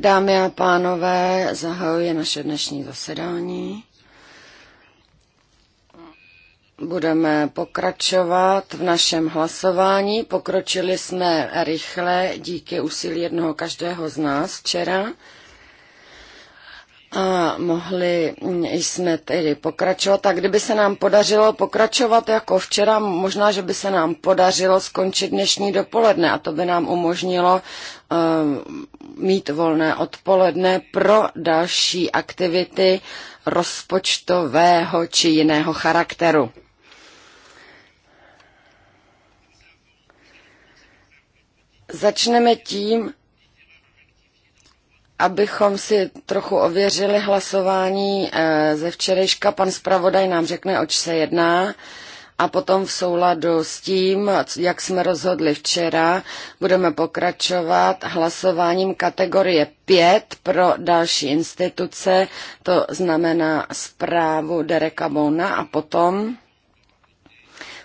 Dámy a pánové, zahajuje naše dnešní zasedání. Budeme pokračovat v našem hlasování. Pokročili jsme rychle díky úsilí jednoho každého z nás včera. A mohli mm, jsme tedy pokračovat. A kdyby se nám podařilo pokračovat jako včera, možná, že by se nám podařilo skončit dnešní dopoledne a to by nám umožnilo uh, mít volné odpoledne pro další aktivity rozpočtového či jiného charakteru. Začneme tím, abychom si trochu ověřili hlasování eh, ze včerejška, pan zpravodaj nám řekne, oč se jedná a potom v souladu s tím, jak jsme rozhodli včera, budeme pokračovat hlasováním kategorie 5 pro další instituce, to znamená zprávu Dereka Bona a potom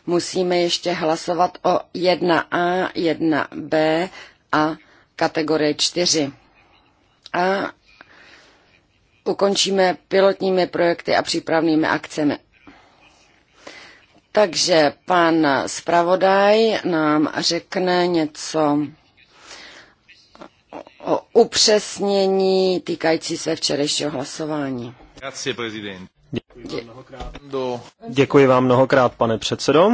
musíme ještě hlasovat o 1A, 1B a kategorie 4 a ukončíme pilotními projekty a přípravnými akcemi. Takže pan zpravodaj nám řekne něco o upřesnění týkající se včerejšího hlasování. Děkuji vám, mnohokrát, pane předsedo.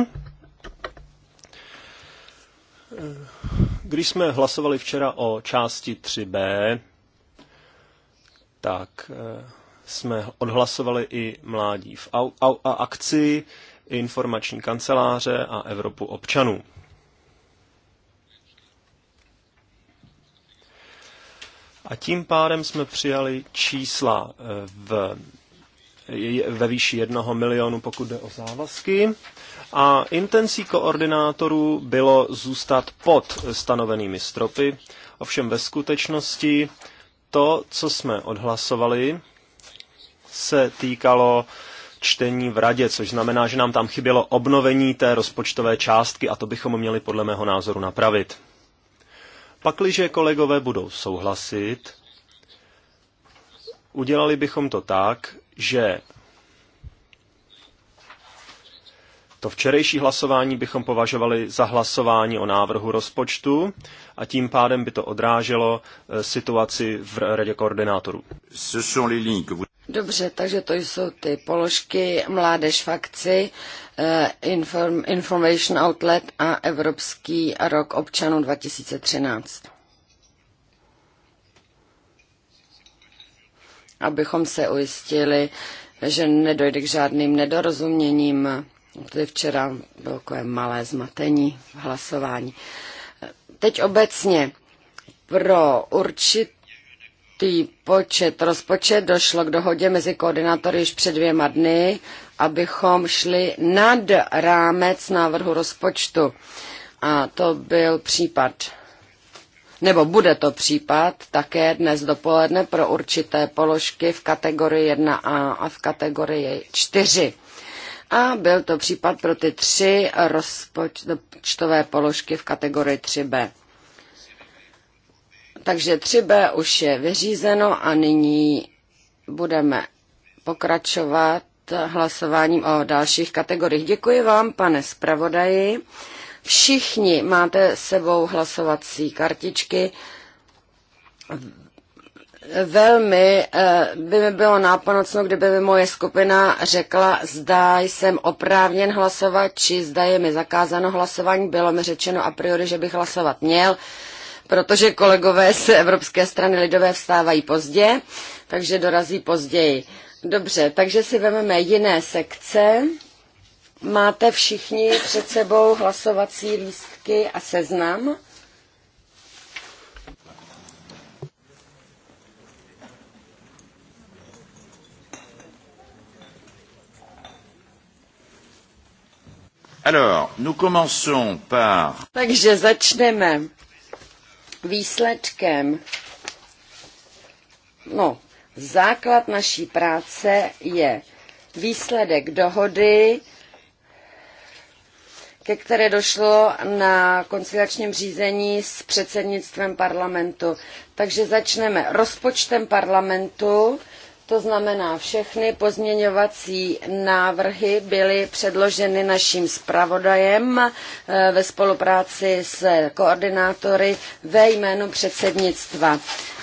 Když jsme hlasovali včera o části 3b, tak eh, jsme odhlasovali i Mládí v au, au, a akci, informační kanceláře a Evropu občanů. A tím pádem jsme přijali čísla eh, v, ve výši jednoho milionu, pokud jde o závazky. A intencí koordinátorů bylo zůstat pod stanovenými stropy, ovšem ve skutečnosti to, co jsme odhlasovali, se týkalo čtení v radě, což znamená, že nám tam chybělo obnovení té rozpočtové částky a to bychom měli podle mého názoru napravit. Pakliže kolegové budou souhlasit, udělali bychom to tak, že To včerejší hlasování bychom považovali za hlasování o návrhu rozpočtu a tím pádem by to odráželo eh, situaci v radě koordinátorů. Dobře, takže to jsou ty položky Mládež fakci, eh, inform, Information Outlet a Evropský rok občanů 2013. Abychom se ujistili, že nedojde k žádným nedorozuměním protože včera bylo takové malé zmatení v hlasování. Teď obecně pro určitý počet rozpočet došlo k dohodě mezi koordinátory již před dvěma dny, abychom šli nad rámec návrhu rozpočtu. A to byl případ nebo bude to případ také dnes dopoledne pro určité položky v kategorii 1A a v kategorii 4. A byl to případ pro ty tři rozpočtové položky v kategorii 3B. Takže 3B už je vyřízeno a nyní budeme pokračovat hlasováním o dalších kategoriích. Děkuji vám, pane zpravodaji. Všichni máte sebou hlasovací kartičky. Velmi eh, by mi bylo nápomocno, kdyby mi moje skupina řekla, zda jsem oprávněn hlasovat, či zda je mi zakázáno hlasování. Bylo mi řečeno a priori, že bych hlasovat měl, protože kolegové z Evropské strany lidové vstávají pozdě, takže dorazí později. Dobře, takže si vezmeme jiné sekce. Máte všichni před sebou hlasovací lístky a seznam. Alors, nous commençons par... Takže začneme výsledkem. No, základ naší práce je výsledek dohody, ke které došlo na konciliačním řízení s předsednictvem parlamentu. Takže začneme rozpočtem parlamentu to znamená, všechny pozměňovací návrhy byly předloženy naším zpravodajem eh, ve spolupráci s koordinátory ve jménu předsednictva.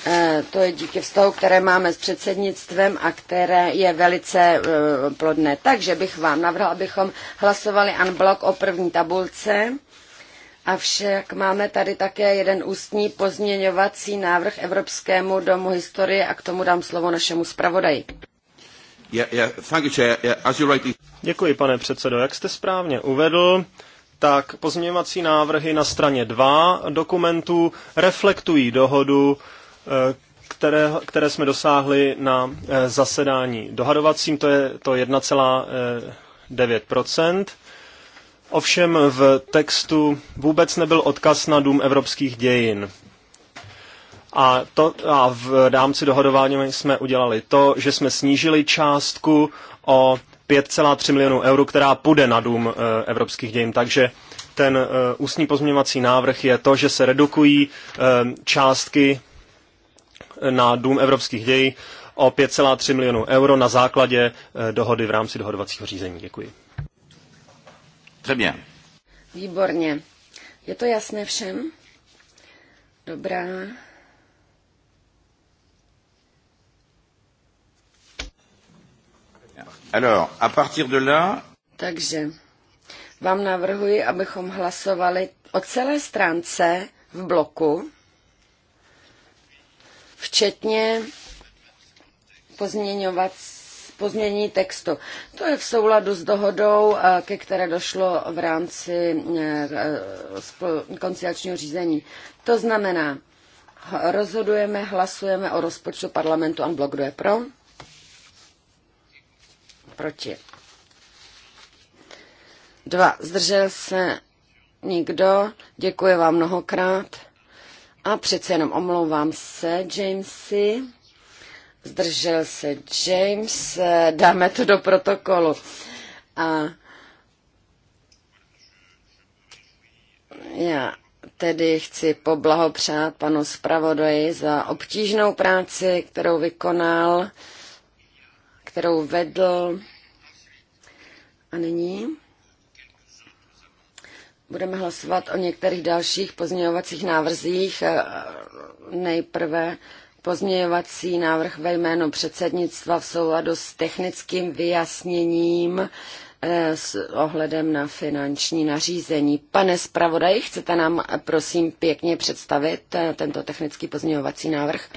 Eh, to je díky vztahu, které máme s předsednictvem a které je velice eh, plodné. Takže bych vám navrhl, abychom hlasovali unblock o první tabulce Avšak máme tady také jeden ústní pozměňovací návrh Evropskému domu historie a k tomu dám slovo našemu zpravodaji. Děkuji, pane předsedo. Jak jste správně uvedl, tak pozměňovací návrhy na straně 2 dokumentu reflektují dohodu, eh, které, které jsme dosáhli na eh, zasedání dohadovacím, to je to 1,9 Ovšem v textu vůbec nebyl odkaz na Dům evropských dějin. A, to, a v rámci dohodování jsme udělali to, že jsme snížili částku o 5,3 milionů eur, která půjde na Dům eh, evropských dějin. Takže ten eh, ústní pozměňovací návrh je to, že se redukují eh, částky na Dům evropských dějí o 5,3 milionů euro na základě dohody v rámci dohodovacího řízení. Děkuji. Très bien. Výborně. Je to jasné všem? Dobrá. Alors, à partir de là... Takže vám navrhuji, abychom hlasovali o celé stránce v bloku, včetně pozměňovací pozmění textu. To je v souladu s dohodou, eh, ke které došlo v rámci eh, konciliačního řízení. To znamená, rozhodujeme, hlasujeme o rozpočtu parlamentu a blok, kdo je pro? Proti. Dva. Zdržel se nikdo. Děkuji vám mnohokrát. A přece jenom omlouvám se, Jamesy zdržel se James, dáme to do protokolu. A já tedy chci poblahopřát panu zpravodaji za obtížnou práci, kterou vykonal, kterou vedl. A nyní budeme hlasovat o některých dalších pozměňovacích návrzích. Nejprve Pozměňovací návrh ve jménu předsednictva v souladu s technickým vyjasněním eh, s ohledem na finanční nařízení. Pane zpravodaji, chcete nám eh, prosím pěkně představit eh, tento technický pozměňovací návrh?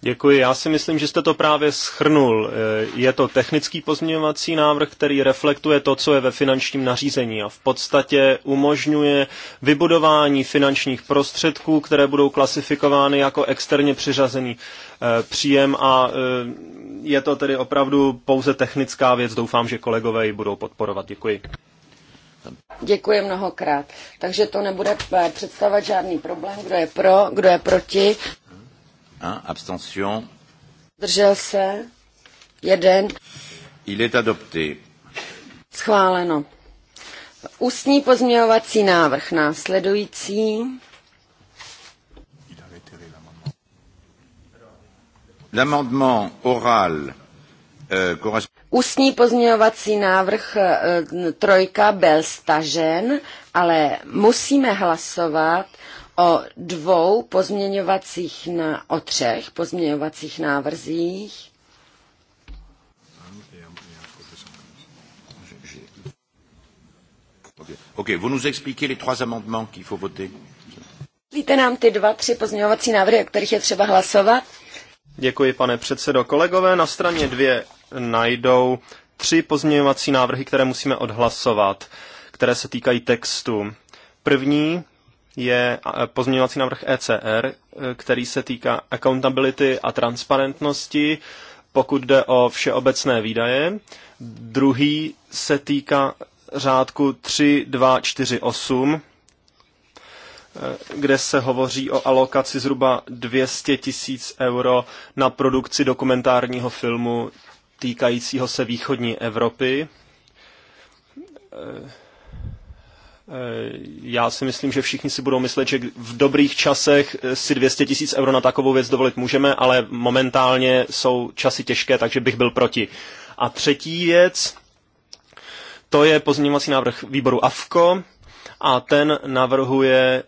Děkuji. Já si myslím, že jste to právě schrnul. Eh, je to technický pozměňovací návrh, který reflektuje to, co je ve finančním nařízení a v podstatě umožňuje vybudování finančních prostředků, které budou klasifikovány jako externě přiřazený eh, příjem a eh, je to tedy opravdu pouze technická věc. Doufám, že kolegové ji budou podporovat. Děkuji. Děkuji mnohokrát. Takže to nebude představovat žádný problém, kdo je pro, kdo je proti. 1, abstention. Držel se, jeden. Il est adopté. Schváleno. Ústní pozměňovací návrh následující. L'amendement oral euh, correspond... Ústní pozměňovací návrh e, trojka byl stažen, ale musíme hlasovat o dvou pozměňovacích, na, o třech pozměňovacích návrzích. OK, vous nous expliquez les trois amendements qu'il faut voter. Víte nám ty dva, tři pozměňovací návrhy, o kterých je třeba hlasovat? Děkuji, pane předsedo. Kolegové, na straně dvě najdou tři pozměňovací návrhy, které musíme odhlasovat, které se týkají textu. První je pozměňovací návrh ECR, e, který se týká accountability a transparentnosti, pokud jde o všeobecné výdaje. Druhý se týká řádku 3248, e, kde se hovoří o alokaci zhruba 200 tisíc euro na produkci dokumentárního filmu týkajícího se východní Evropy e, Eh, já si myslím, že všichni si budou myslet, že v dobrých časech eh, si 200 tisíc euro na takovou věc dovolit můžeme, ale momentálně jsou časy těžké, takže bych byl proti. A třetí věc, to je pozměňovací návrh výboru AFKO a ten navrhuje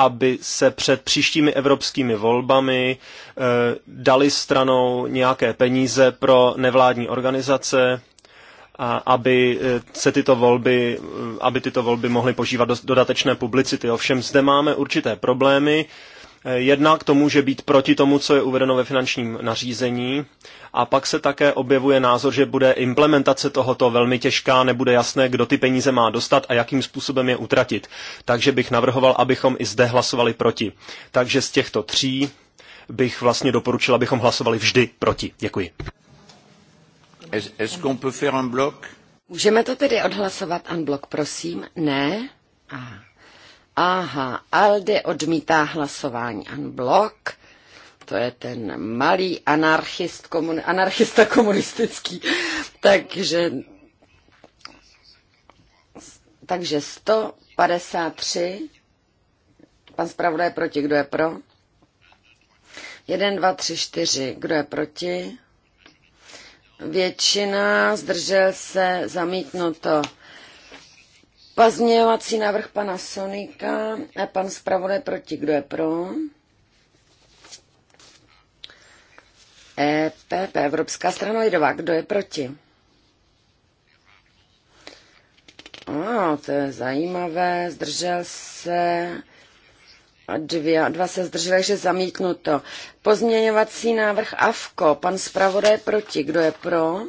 aby se před příštími evropskými volbami e, dali stranou nějaké peníze pro nevládní organizace, a aby eh, se tyto volby, eh, aby tyto volby mohly požívat dodatečné publicity. Ovšem zde máme určité problémy. Eh, jednak to může být proti tomu, co je uvedeno ve finančním nařízení a pak se také objevuje názor, že bude implementace tohoto velmi těžká, nebude jasné, kdo ty peníze má dostat a jakým způsobem je utratit. Takže bych navrhoval, abychom i zde hlasovali proti. Takže z těchto tří bych vlastně doporučil, abychom hlasovali vždy proti. Děkuji. Můžeme to tedy odhlasovat bloc, prosím? Ne? Aha. Aha, Alde odmítá hlasování bloc. To je ten malý anarchist, komun, anarchista komunistický. takže, takže 153. Pan zpravodaj proti, kdo je pro? 1, 2, 3, 4. Kdo je proti? většina, zdržel se, zamítnuto. Pazměvací návrh pana Sonika, a pan zpravodaj proti, kdo je pro? EPP, Evropská strana lidová, kdo je proti? A, to je zajímavé, zdržel se, dvě, dva se zdrželi, takže zamítnuto. Pozměňovací návrh AVKO, pan zpravodaj proti, kdo je pro?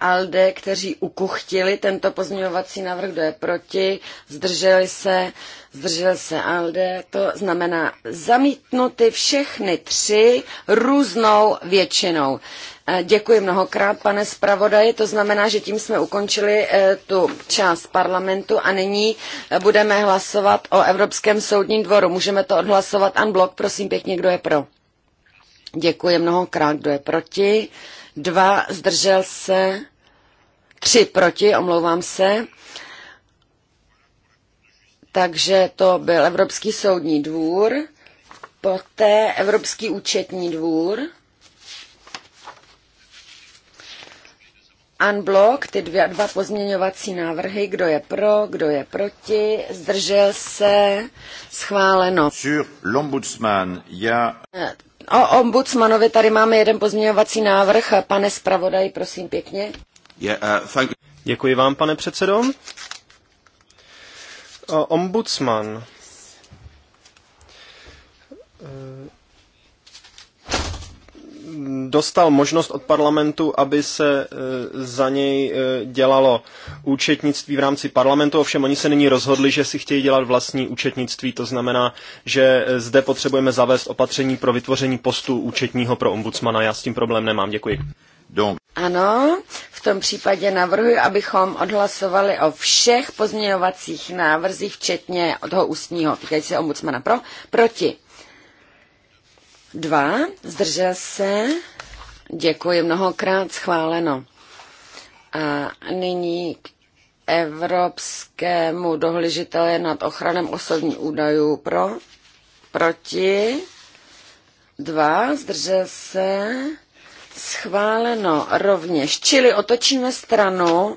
ALDE, kteří ukuchtili tento pozměňovací návrh, kdo je proti, zdrželi se, zdržel se ALDE, to znamená zamítnuty všechny tři různou většinou. Eh, děkuji mnohokrát, pane zpravodaji. To znamená, že tím jsme ukončili eh, tu část parlamentu a nyní eh, budeme hlasovat o Evropském soudním dvoru. Můžeme to odhlasovat unblock. Prosím pěkně, kdo je pro? Děkuji mnohokrát, kdo je proti. Dva, zdržel se. Tři proti, omlouvám se. Takže to byl Evropský soudní dvůr, poté Evropský účetní dvůr, Unblock, ty dvě, dva pozměňovací návrhy, kdo je pro, kdo je proti, zdržel se, schváleno. Sur l'ombudsman, já... O ombudsmanovi tady máme jeden pozměňovací návrh. Pane zpravodaj, prosím pěkně. Uh, děkuji vám, pane předsedo. Uh, ombudsman. Uh, dostal možnost od parlamentu, aby se za něj dělalo účetnictví v rámci parlamentu, ovšem oni se nyní rozhodli, že si chtějí dělat vlastní účetnictví, to znamená, že zde potřebujeme zavést opatření pro vytvoření postu účetního pro ombudsmana. Já s tím problém nemám, děkuji. Ano, v tom případě navrhuji, abychom odhlasovali o všech pozměňovacích návrzích, včetně toho ústního, týkající se ombudsmana pro, proti. Dva, zdržel se, děkuji mnohokrát, schváleno. A nyní k evropskému dohlížiteli nad ochranem osobních údajů pro, proti, dva, zdržel se, schváleno rovněž. Čili otočíme stranu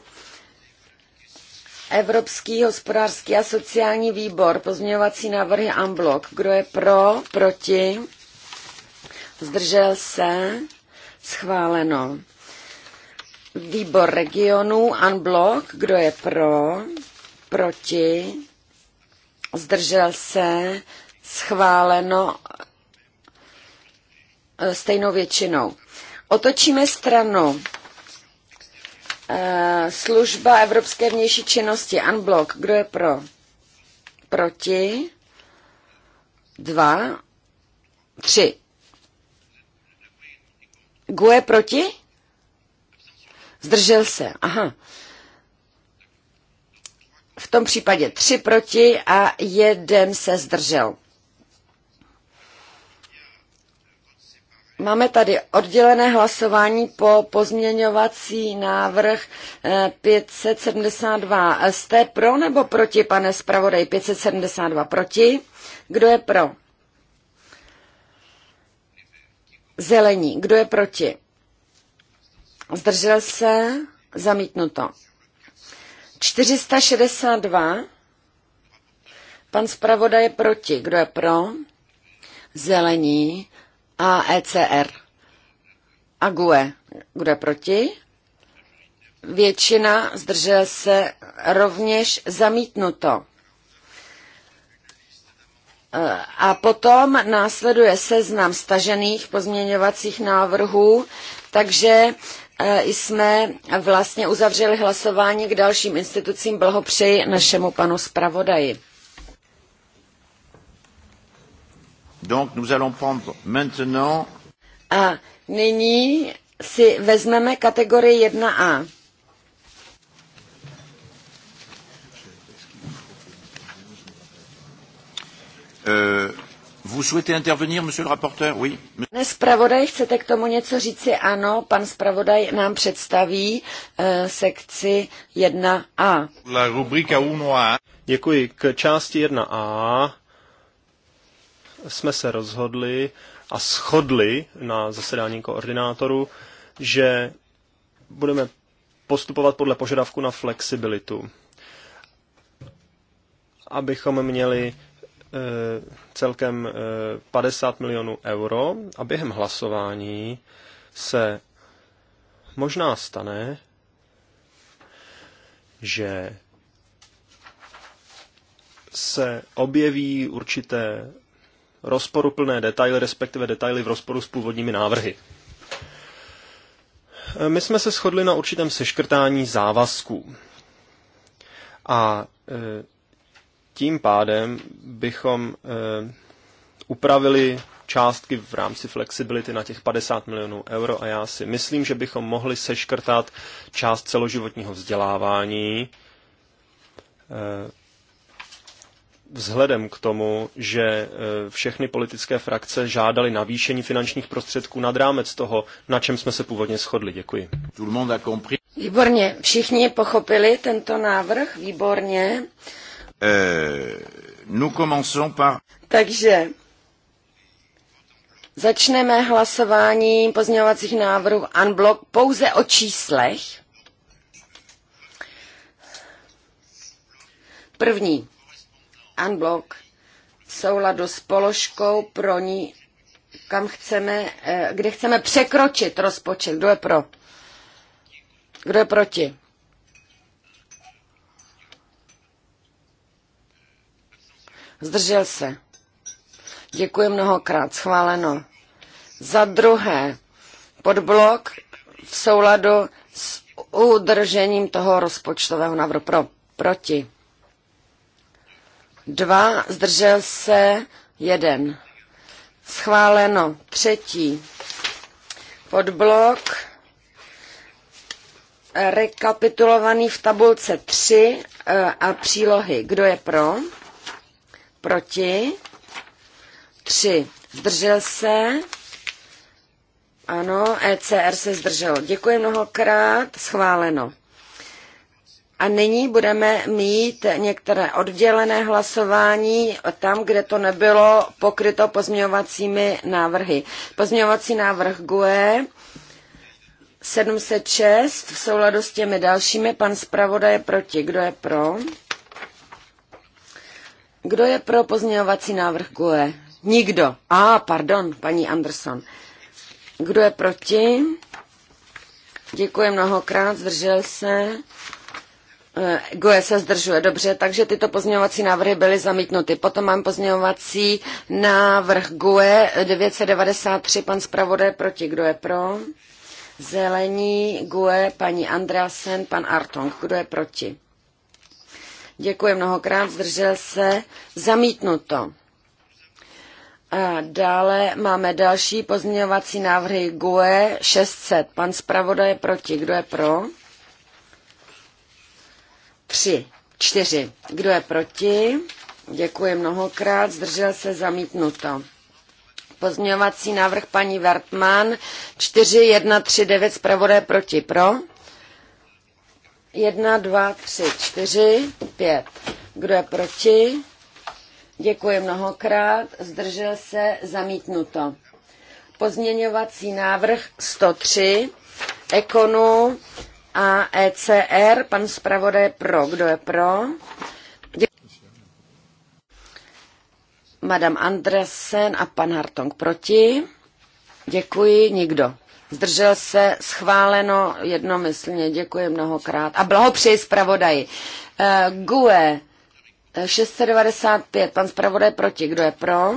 Evropský hospodářský a sociální výbor, pozměňovací návrhy Amblok. Kdo je pro, proti, zdržel se, schváleno. Výbor regionů Unblock, kdo je pro, proti, zdržel se, schváleno e, stejnou většinou otočíme stranu. Eh, služba Evropské vnější činnosti, unblock, kdo je pro? Proti? Dva? Tři. Gue proti? Zdržel se, aha. V tom případě tři proti a jeden se zdržel. Máme tady oddělené hlasování po pozměňovací návrh 572. Eh, Jste pro nebo proti, pane zpravodaj? 572 proti. Kdo je pro? Zelení. Kdo je proti? Zdržel se? Zamítnuto. 462. Pan zpravodaj je proti. Kdo je pro? Zelení a ECR. A GUE. Kdo je proti? Většina zdržel se rovněž zamítnuto. A potom následuje seznam stažených pozměňovacích návrhů, takže e, jsme vlastně uzavřeli hlasování k dalším institucím. Blahopřeji našemu panu zpravodaji. Donc nous allons prendre maintenant... A nyní si vezmeme kategorii 1A. Euh, vous souhaitez intervenir, monsieur le rapporteur? Oui. Pane zpravodaj, chcete k tomu něco říci? Ano, pan zpravodaj nám představí uh, sekci 1A. La rubrika 1A. Děkuji. K části 1A jsme se rozhodli a shodli na zasedání koordinátoru, že budeme postupovat podle požadavku na flexibilitu, abychom měli e, celkem 50 e, milionů euro a během hlasování se možná stane, že se objeví určité rozporuplné detaily, respektive detaily v rozporu s původními návrhy. E, my jsme se shodli na určitém seškrtání závazků. A e, tím pádem bychom e, upravili částky v rámci flexibility na těch 50 milionů euro a já si myslím, že bychom mohli seškrtat část celoživotního vzdělávání vzhledem k tomu, že e, všechny politické frakce žádali navýšení finančních prostředků nad rámec toho, na čem jsme se původně shodli. Děkuji. Výborně, všichni pochopili tento návrh, výborně. Euh, Takže začneme hlasováním pozměňovacích návrhů unblock pouze o číslech. První unblock v souladu s položkou pro ní, kam chceme, eh, kde chceme překročit rozpočet. Kdo je pro? Kdo je proti? Zdržel se. Děkuji mnohokrát. Schváleno. Za druhé, podblok v souladu s udržením toho rozpočtového návrhu pro, proti. 2. zdržel se, 1. Schváleno, třetí. Podblok, rekapitulovaný v tabulce 3 e, a přílohy. Kdo je pro? Proti? 3. Zdržel se? Ano, ECR se zdržel. Děkuji mnohokrát. Schváleno. A nyní budeme mít některé oddělené hlasování tam, kde to nebylo pokryto pozměňovacími návrhy. Pozměňovací návrh GUE 706 v souladu s těmi dalšími. Pan zpravodaj je proti. Kdo je pro? Kdo je pro pozměňovací návrh GUE? Nikdo. A, ah, pardon, paní Anderson. Kdo je proti? Děkuji mnohokrát, zdržel se. Eh, GUE se zdržuje, dobře, takže tyto pozměňovací návrhy byly zamítnuty. Potom mám pozměňovací návrh GUE 993, eh, pan zpravodaj proti, kdo je pro? Zelení, GUE, paní Andreasen, pan Artong, kdo je proti? Děkuji mnohokrát, zdržel se, zamítnuto. A dále máme další pozměňovací návrhy GUE 600. Pan zpravodaj je proti. Kdo je pro? 3, 4. Kdo je proti? Děkuji mnohokrát. Zdržel se zamítnuto. Pozměňovací návrh paní Wertmann 9. zpravodaj proti pro. 1, 2, 3, 4, 5. Kdo je proti? Děkuji mnohokrát. Zdržel se zamítnuto. Pozměňovací návrh 103 Ekonu a ECR, pan zpravodaj pro. Kdo je pro? Madam Andresen a pan Hartong proti. Děkuji, nikdo. Zdržel se, schváleno jednomyslně, děkuji mnohokrát. A blahopřeji zpravodaji. Uh, GUE 695, eh, pan zpravodaj proti, kdo je pro?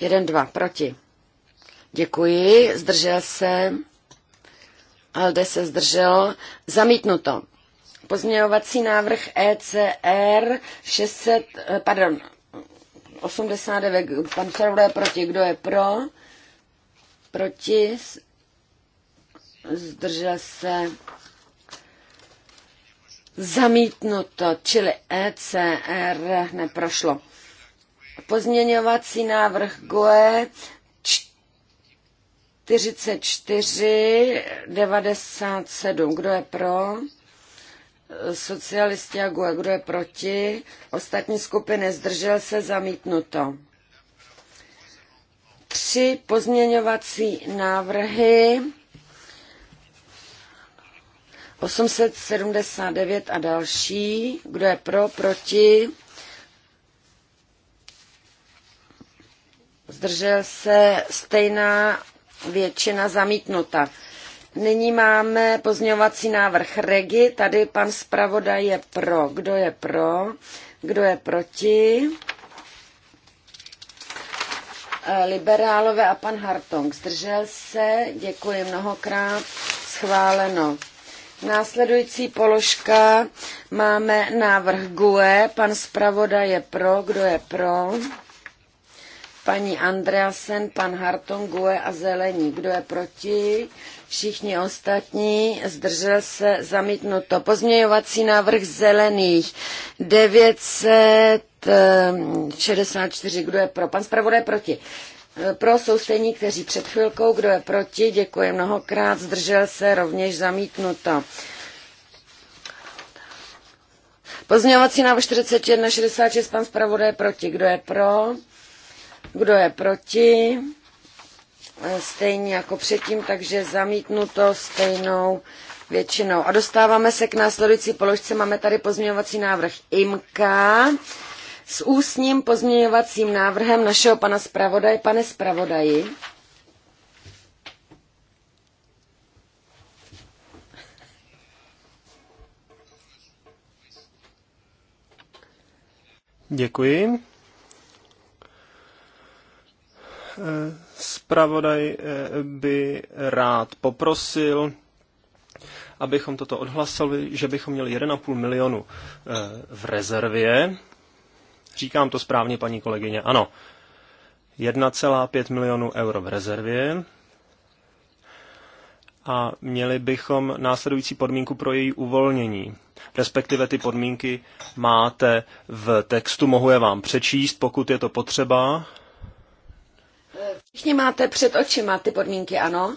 Jeden dva proti. Děkuji, zdržel se. Alde se zdržel. Zamítnuto. Pozměňovací návrh ECR 600, eh, pardon, 89, pan Červda je proti, kdo je pro? Proti, zdržel se, zamítnuto, čili ECR neprošlo. Pozměňovací návrh GOE 44, 97. Kdo je pro? Socialisti a GUE. Kdo je proti? Ostatní skupiny zdržel se zamítnuto. Tři pozměňovací návrhy 879 a další. Kdo je pro, proti? Zdržel se stejná většina zamítnuta. Nyní máme pozměňovací návrh Regi. Tady pan zpravodaj je pro. Kdo je pro? Kdo je proti? Eh, liberálové a pan Hartong. Zdržel se. Děkuji mnohokrát. Schváleno. Následující položka máme návrh GUE. Pan zpravodaj je pro. Kdo je pro? paní Andreasen, pan Harton, Gue a Zelení. Kdo je proti? Všichni ostatní zdržel se zamítnuto. Pozměňovací návrh Zelených 964. Eh, kdo je pro? Pan zpravodaj proti. Eh, pro jsou stejní, kteří před chvilkou, kdo je proti, děkuji mnohokrát, zdržel se rovněž zamítnuto. Pozměňovací návrh 4166, pan zpravodaj proti. Kdo je pro? Kdo je proti? E, Stejně jako předtím, takže zamítnuto stejnou většinou. A dostáváme se k následující položce. Máme tady pozměňovací návrh IMKA s ústním pozměňovacím návrhem našeho pana zpravodaje. Pane zpravodaji. Děkuji. Spravodaj eh, by rád poprosil, abychom toto odhlasovali, že bychom měli 1,5 milionu eh, v rezervě. Říkám to správně, paní kolegyně, ano. 1,5 milionů euro v rezervě a měli bychom následující podmínku pro její uvolnění. Respektive ty podmínky máte v textu, mohu je vám přečíst, pokud je to potřeba, Všichni máte před očima ty podmínky, ano?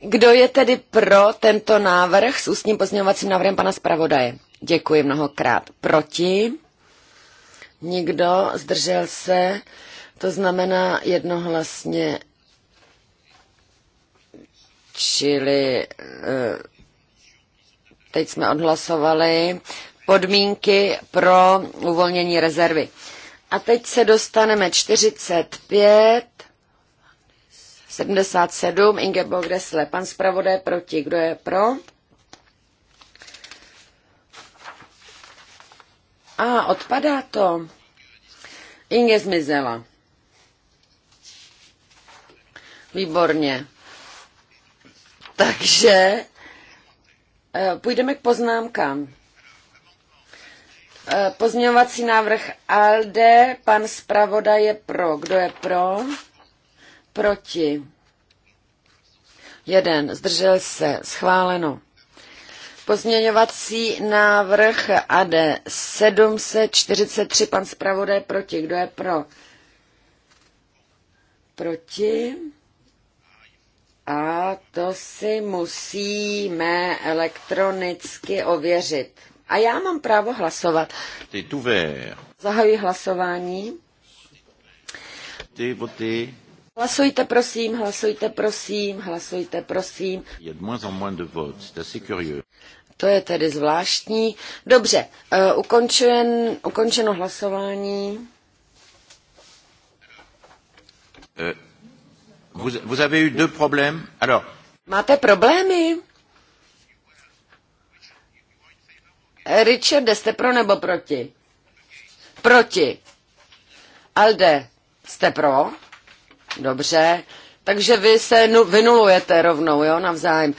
Kdo je tedy pro tento návrh s ústním pozměňovacím návrhem pana zpravodaje? Děkuji mnohokrát. Proti? Nikdo? Zdržel se? To znamená jednohlasně, čili eh, teď jsme odhlasovali podmínky pro uvolnění rezervy. A teď se dostaneme 45, 77, Ingeborg Gressle, pan zpravodé proti, kdo je pro? A odpadá to. Inge zmizela. Výborně. Takže eh, půjdeme k poznámkám. Eh, pozměňovací návrh ALDE, pan zpravodaj je pro. Kdo je pro? Proti. Jeden. Zdržel se. Schváleno. Pozměňovací návrh AD 743, pan zpravodaj proti. Kdo je pro? Proti. A to si musíme elektronicky ověřit. A já mám právo hlasovat. Zahajuji hlasování. Hlasujte prosím, hlasujte prosím, hlasujte prosím. To je tedy zvláštní. Dobře, uh, ukončen, ukončeno hlasování. Uh, vous, vous avez eu deux problèmes. Alors. Máte problémy? Richard, jste pro nebo proti? Proti. Alde, jste pro? Dobře. Takže vy se vynulujete rovnou, jo, navzájem.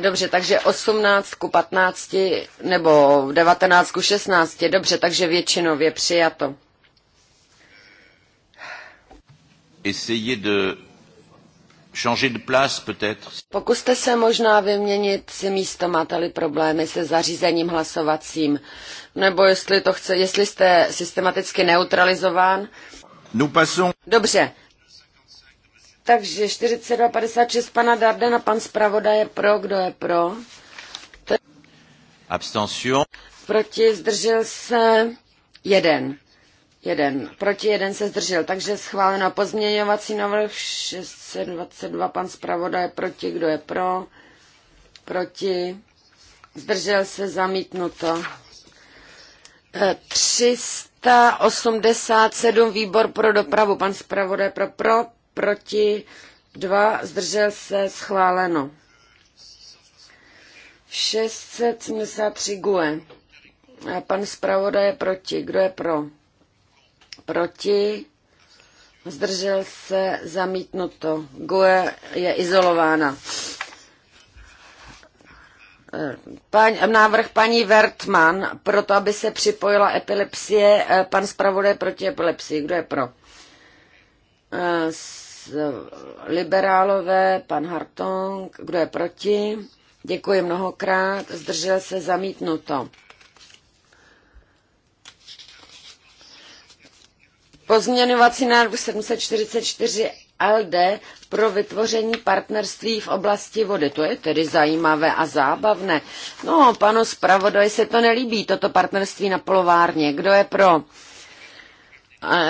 Dobře, takže 18 ku 15 nebo 19 ku 16, dobře, takže většinově přijato. Essayez de Pokuste se možná vyměnit si místo, máte-li problémy se zařízením hlasovacím, nebo jestli, to chce, jestli jste systematicky neutralizován. Dobře. Takže 42,56 pana a pan zpravoda je pro, kdo je pro? Abstention. Proti zdržel se jeden. Jeden. Proti jeden se zdržel. Takže schváleno pozměňovací návrh 622. Pan zpravodaj proti. Kdo je pro? Proti. Zdržel se zamítnuto. 387 e, výbor pro dopravu. Pan zpravodaj pro, pro, proti, dva, zdržel se, schváleno. 673 GUE. E, pan zpravodaj je proti. Kdo je pro? proti, zdržel se, zamítnuto. GUE je izolována. Pan, návrh paní Wertmann, proto aby se připojila epilepsie, pan zpravodaj proti epilepsii. Kdo je pro? Liberálové, pan Hartong, kdo je proti? Děkuji mnohokrát, zdržel se zamítnuto. Pozměňovací návrh 744 LD pro vytvoření partnerství v oblasti vody. To je tedy zajímavé a zábavné. No, panu zpravodaj se to nelíbí, toto partnerství na polovárně. Kdo je pro?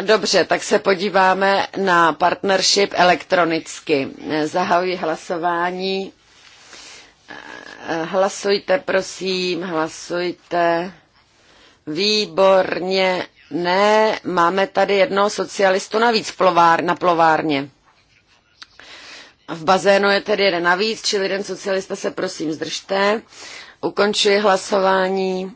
Dobře, tak se podíváme na partnership elektronicky. Zahajuji hlasování. E, hlasujte, prosím, hlasujte. Výborně, ne, máme tady jednoho socialistu navíc plovár, na plovárně. V bazénu je tedy jeden navíc, čili jeden socialista se prosím zdržte. Ukončuji hlasování.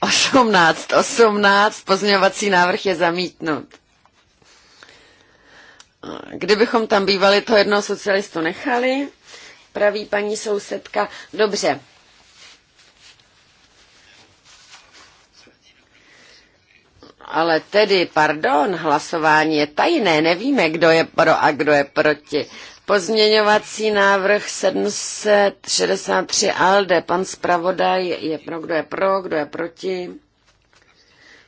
18, 18, pozměňovací návrh je zamítnut. Kdybychom tam bývali, to jednoho socialistu nechali, praví paní sousedka. Dobře, Ale tedy, pardon, hlasování je tajné, nevíme, kdo je pro a kdo je proti. Pozměňovací návrh 763 ALDE, pan zpravodaj je pro, kdo je pro, kdo je proti.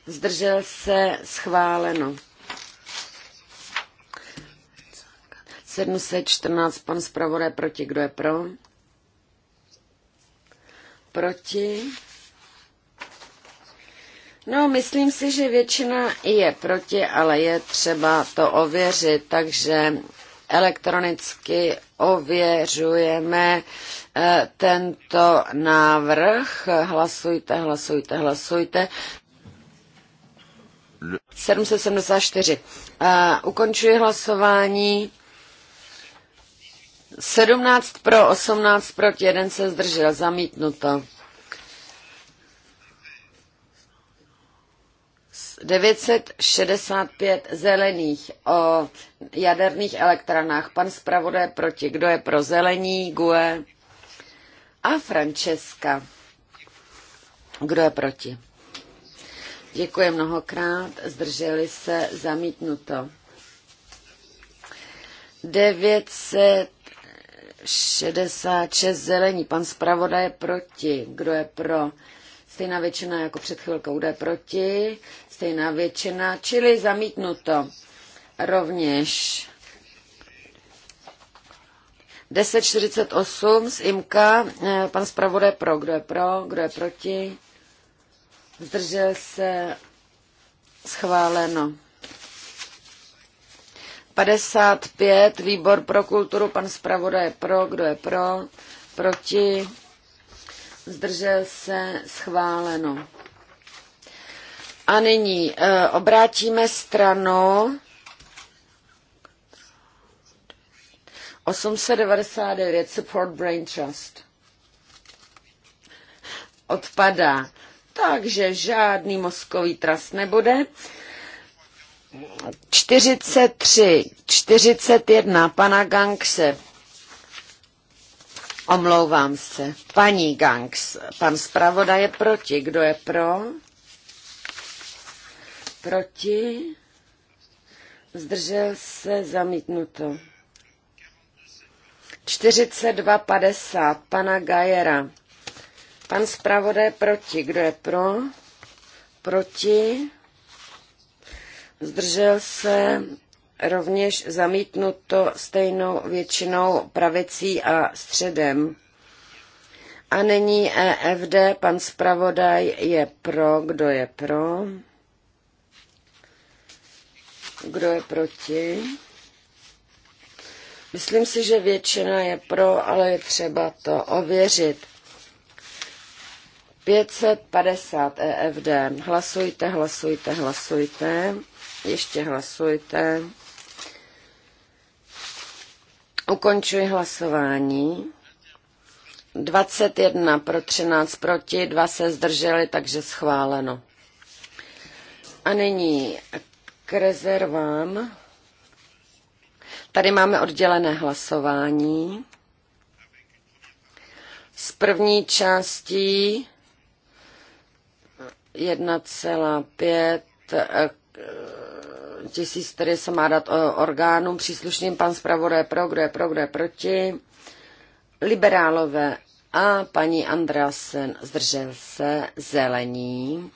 Zdržel se, schváleno. 714, pan zpravodaj proti, kdo je pro? Proti No, myslím si, že většina je proti, ale je třeba to ověřit, takže elektronicky ověřujeme eh, tento návrh. Hlasujte, hlasujte, hlasujte. 774. Eh, ukončuji hlasování. 17 pro, 18 proti, 1 se zdržel, zamítnuto. 965 zelených o jaderných elektranách. Pan zpravodaj proti. Kdo je pro zelení? Gue. A Francesca. Kdo je proti? Děkuji mnohokrát. Zdrželi se zamítnuto. 966 zelení. Pan zpravodaj proti. Kdo je pro? Stejná většina jako před chvilkou jde proti, stejná většina, čili zamítnuto. Rovněž 1048 z IMKA, eh, pan zpravodaj pro, kdo je pro, kdo je proti, zdržel se, schváleno. 55, výbor pro kulturu, pan zpravodaj pro, kdo je pro, proti, zdržel se, schváleno. A nyní e, obrátíme stranu 899 Support Brain Trust. Odpadá. Takže žádný mozkový tras nebude. 43, 41 pana Gangse Omlouvám se. Paní Gangs, pan zpravodaj je proti. Kdo je pro? Proti? Zdržel se zamítnuto. 42.50 pana Gajera. Pan zpravodaj proti. Kdo je pro? Proti? Zdržel se rovněž zamítnuto stejnou většinou pravicí a středem. A nyní EFD, pan zpravodaj je pro, kdo je pro? Kdo je proti? Myslím si, že většina je pro, ale je třeba to ověřit. 550 EFD. Hlasujte, hlasujte, hlasujte. Ještě hlasujte. Ukončuji hlasování. 21 pro 13 proti, 2 se zdrželi, takže schváleno. A nyní k rezervám. Tady máme oddělené hlasování. Z první částí 1,5 tisíc, který se má dát eh, orgánům příslušným pan zpravodaj pro, kdo je pro, kdo je proti. Liberálové a paní Andrasen zdržel se zelení.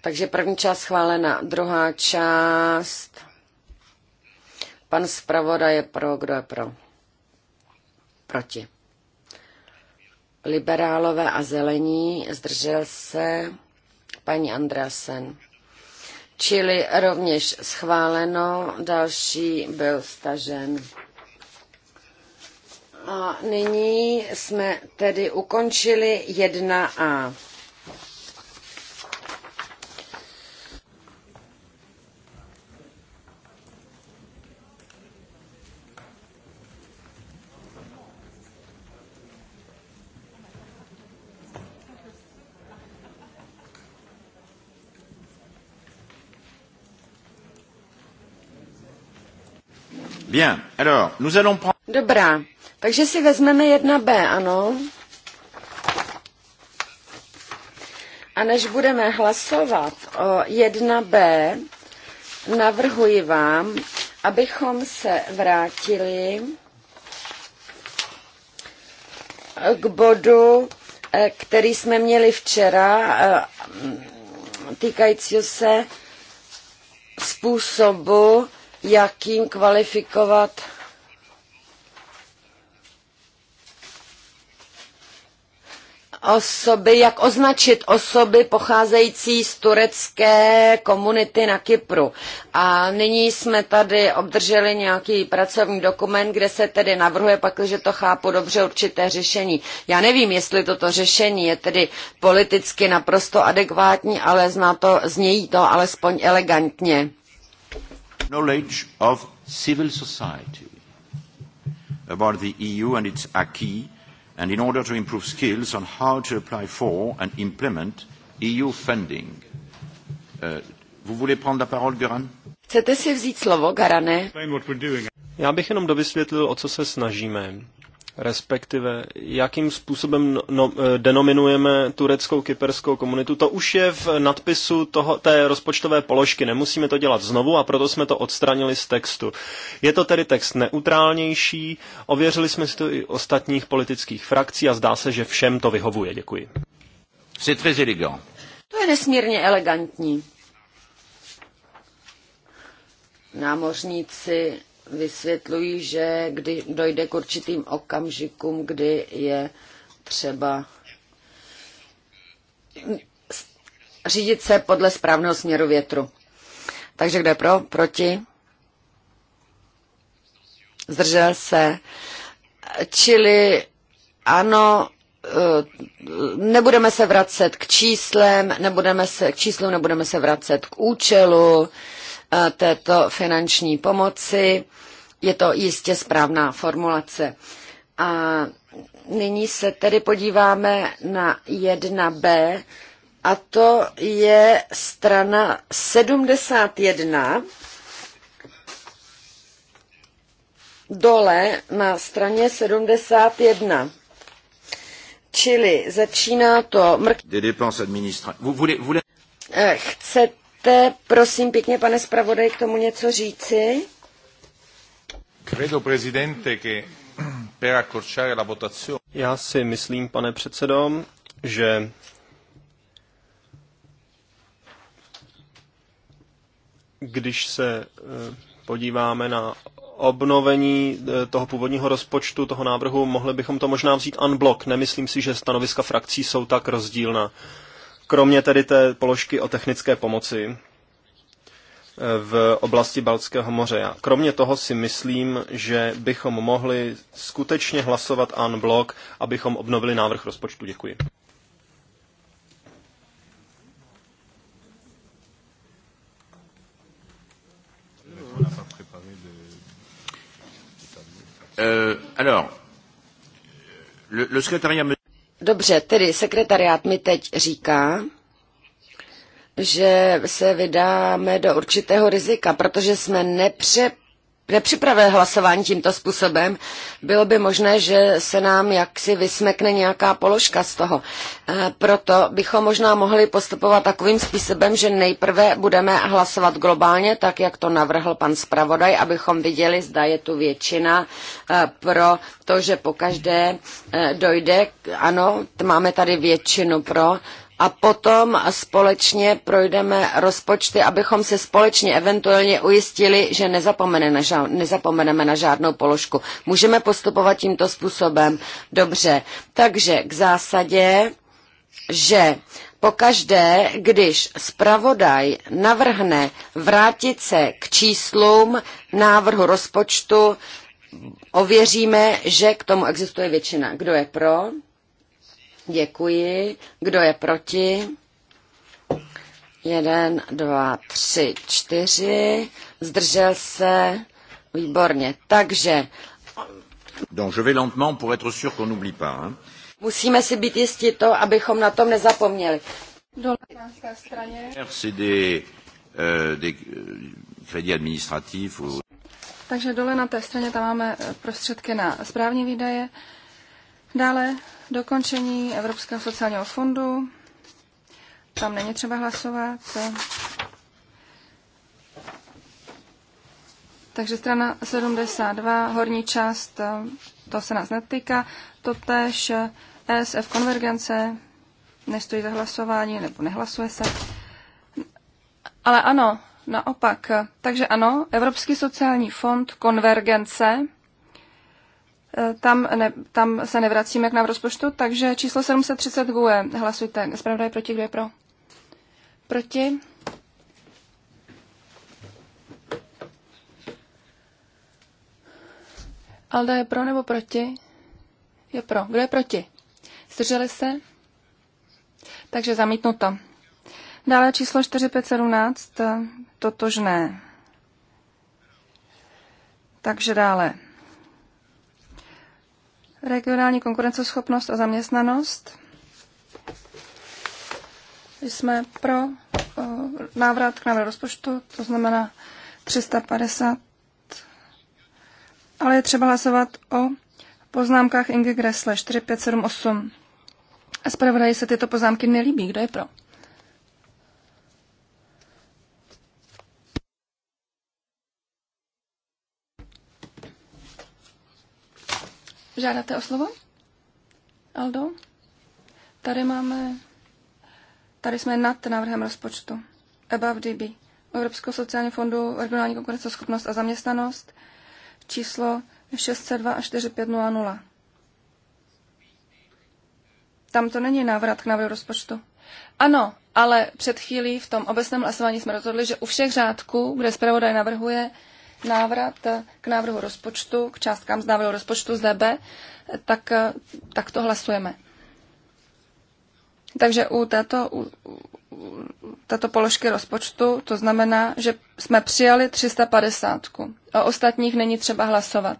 Takže první část schválena, druhá část. Pan zpravodaj je pro, kdo je pro? Proti. Liberálové a zelení zdržel se paní Andrasen čili rovněž schváleno, další byl stažen. A nyní jsme tedy ukončili 1a. Bien, alors, nous allons prendre... Dobrá, takže si vezmeme jedna b ano. A než budeme hlasovat o 1B, navrhuji vám, abychom se vrátili k bodu, eh, který jsme měli včera, eh, týkajícího se způsobu, jak jim kvalifikovat osoby, jak označit osoby pocházející z turecké komunity na Kypru. A nyní jsme tady obdrželi nějaký pracovní dokument, kde se tedy navrhuje, pakliže to chápu dobře, určité řešení. Já nevím, jestli toto řešení je tedy politicky naprosto adekvátní, ale zná to, znějí to alespoň elegantně knowledge of civil society about the EU and its acquis, and in order to improve skills on how to apply for and implement EU funding. Uh, vous voulez prendre la parole, Göran? Chcete si vzít slovo, Garane? Já bych jenom dovysvětlil, o co se snažíme respektive jakým způsobem no, no eh, denominujeme tureckou kyperskou komunitu. To už je v nadpisu toho, té rozpočtové položky, nemusíme to dělat znovu a proto jsme to odstranili z textu. Je to tedy text neutrálnější, ověřili jsme si to i ostatních politických frakcí a zdá se, že všem to vyhovuje. Děkuji. To je nesmírně elegantní. Námořníci vysvětlují, že kdy dojde k určitým okamžikům, kdy je třeba řídit se podle správného směru větru. Takže kde pro? Proti? Zdržel se. Čili ano, eh, nebudeme se vracet k číslem, nebudeme se, k číslu nebudeme se vracet k účelu, Eh, této finanční pomoci. Je to jistě správná formulace. A nyní se tedy podíváme na 1b, a to je strana 71 dole na straně 71. Čili začíná to mrk... Eh, chcete Chcete, prosím pěkně, pane zpravodaj, k tomu něco říci? Credo, prezidente, che per accorciare la votazione... Já si myslím, pane předsedo, že když se eh, podíváme na obnovení eh, toho původního rozpočtu, toho návrhu, mohli bychom to možná vzít unblock. Nemyslím si, že stanoviska frakcí jsou tak rozdílná kromě tedy té položky o technické pomoci eh, v oblasti Balckého moře. A kromě toho si myslím, že bychom mohli skutečně hlasovat an blok, abychom obnovili návrh rozpočtu. Děkuji. Euh, alors, le, le secrétariat Dobře, tedy sekretariát mi teď říká, že se vydáme do určitého rizika, protože jsme nepřepočítali nepřipravil hlasování tímto způsobem, bylo by možné, že se nám jaksi vysmekne nějaká položka z toho. Eh, proto bychom možná mohli postupovat takovým způsobem, že nejprve budeme hlasovat globálně, tak jak to navrhl pan zpravodaj, abychom viděli, zda je tu většina eh, pro to, že pokaždé eh, dojde, ano, máme tady většinu pro, a potom společně projdeme rozpočty, abychom se společně eventuálně ujistili, že nezapomene na nezapomeneme na žádnou položku. Můžeme postupovat tímto způsobem? Dobře. Takže k zásadě, že pokaždé, když zpravodaj navrhne vrátit se k číslům návrhu rozpočtu, ověříme, že k tomu existuje většina. Kdo je pro? Děkuji. Kdo je proti? Jeden, dva, tři, čtyři. Zdržel se. Výborně. Takže. Donc je vais lentement pour être sûr qu'on n'oublie pas. Hein. Musíme si být jistí to, abychom na tom nezapomněli. Dole straně. C'est euh, des euh, crédits administratifs. Ou... Takže dole na té straně tam máme prostředky na správní výdaje Dále dokončení Evropského sociálního fondu. Tam není třeba hlasovat. Takže strana 72, horní část, to se nás netýká. Totež ESF konvergence, nestojí za hlasování nebo nehlasuje se. Ale ano, naopak. Takže ano, Evropský sociální fond konvergence, tam, ne, tam se nevracíme k nám rozpočtu, takže číslo 730 GUE. hlasujte. Zpravodaj proti, kdo je pro? Proti? Alda je pro nebo proti? Je pro. Kdo je proti? Zdrželi se? Takže zamítnuto. Dále číslo 4517, totožné. Takže dále regionální konkurenceschopnost a zaměstnanost. Jsme pro eh, návrat k návrhu rozpočtu, to znamená 350, ale je třeba hlasovat o poznámkách Inge Gressle 4578. A zpravodaji se tyto poznámky nelíbí. Kdo je pro? Žádáte o slovo? Aldo? Tady máme... Tady jsme nad návrhem rozpočtu. Above DB. Evropského sociálního fondu regionální konkurenceschopnost a zaměstnanost. Číslo 602 a 4500. Tam to není návrat k návrhu rozpočtu. Ano, ale před chvílí v tom obecném hlasování jsme rozhodli, že u všech řádků, kde zpravodaj navrhuje, návrat eh, k návrhu rozpočtu, k částkám z návrhu rozpočtu z DB, eh, tak, eh, tak to hlasujeme. Takže u této, u, u, této položky rozpočtu to znamená, že jsme přijali 350. O ostatních není třeba hlasovat.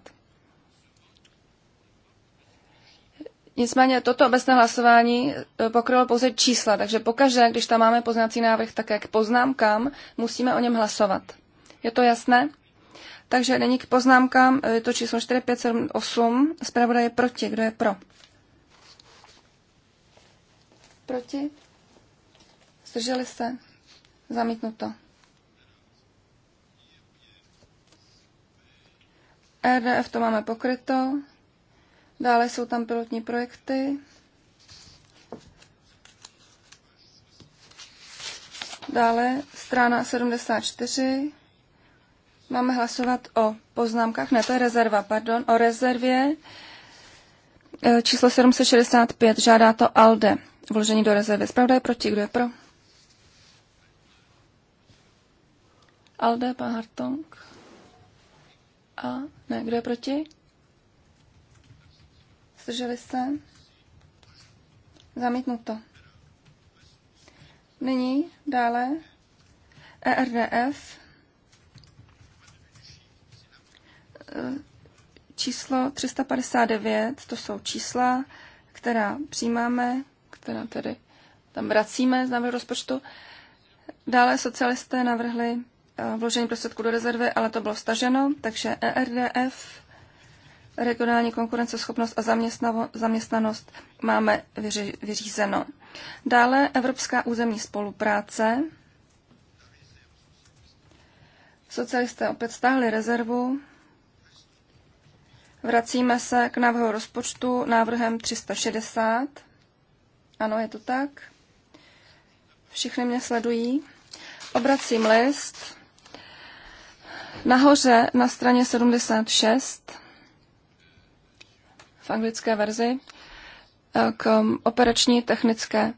Nicméně toto obecné hlasování pokrylo pouze čísla, takže pokaždé, když tam máme poznací návrh, tak jak poznámkám, musíme o něm hlasovat. Je to jasné? Takže není k poznámkám, e, je to číslo 4, 5, 7, 8. Zpravodaj je proti. Kdo je pro? Proti? Zdrželi se? Zamítnuto. RDF e to máme pokryto. Dále jsou tam pilotní projekty. Dále strana 74. Máme hlasovat o poznámkách, ne, to je rezerva, pardon, o rezervě e, číslo 765, žádá to ALDE, vložení do rezervy. Zpravda je proti, kdo je pro? Alde, pan Hartong. A ne, kdo je proti? Zdrželi se? Zamítnuto. Nyní dále ERDF Eh, číslo 359, to jsou čísla, která přijímáme, která tedy tam vracíme z návrhu rozpočtu. Dále socialisté navrhli eh, vložení prostředků do rezervy, ale to bylo staženo, takže ERDF, regionální konkurenceschopnost a zaměstnanost máme vyři, vyřízeno. Dále Evropská územní spolupráce. Socialisté opět stáhli rezervu, Vracíme se k návrhu rozpočtu návrhem 360. Ano, je to tak. Všichni mě sledují. Obracím list. Nahoře na straně 76 v anglické verzi k operační technické